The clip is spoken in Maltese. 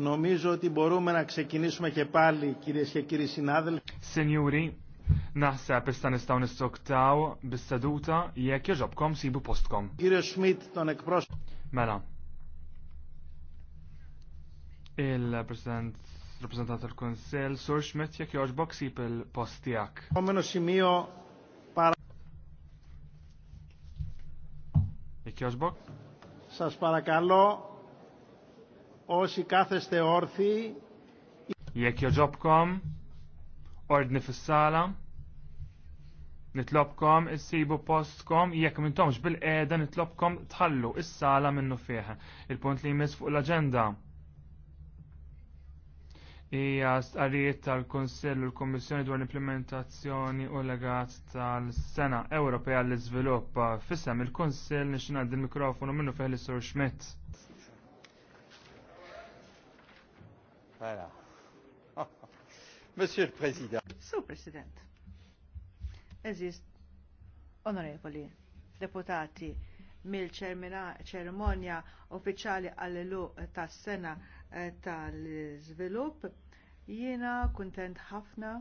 Νομίζω ότι μπορούμε να ξεκινήσουμε και πάλι, κυρίε και κύριοι συνάδελφοι. Senjuri, naħseb issa nistgħu nistoktaw bis-seduta jekk jogħġobkom sibu postkom. Κύριο Σμιτ, τον εκπρόσωπο. Mela. Il-President rappresentant tal-Kunsel, Sur Schmidt, jekk jogħġbok sib il-post tiegħek. Omenu simio para. Jekk jogħġbok? Sas para parakallo, όσοι κάθεστε όρθιοι. Jekk joġobkom, ordni fis-sala, nitlobkom issibu postkom, jekk mintomx bil-qeda nitlobkom tħallu is-sala minnu fih. Il-punt li jmiss fuq l-aġenda. Ija stqarrijiet tal-Konsill u l-Kommissjoni dwar l-implementazzjoni u legat tal-Sena Ewropea l-Iżvilupp. Fissem il-Konsill nixinad il-mikrofonu minnu fih l-Sur Schmidt. Voilà. Monsieur le Président. Sur President. Eżist, onorevoli, deputati, mill-ċerimonja uffiċjali għall-lu tas-sena eh, tal-żvilupp, jiena kuntent ħafna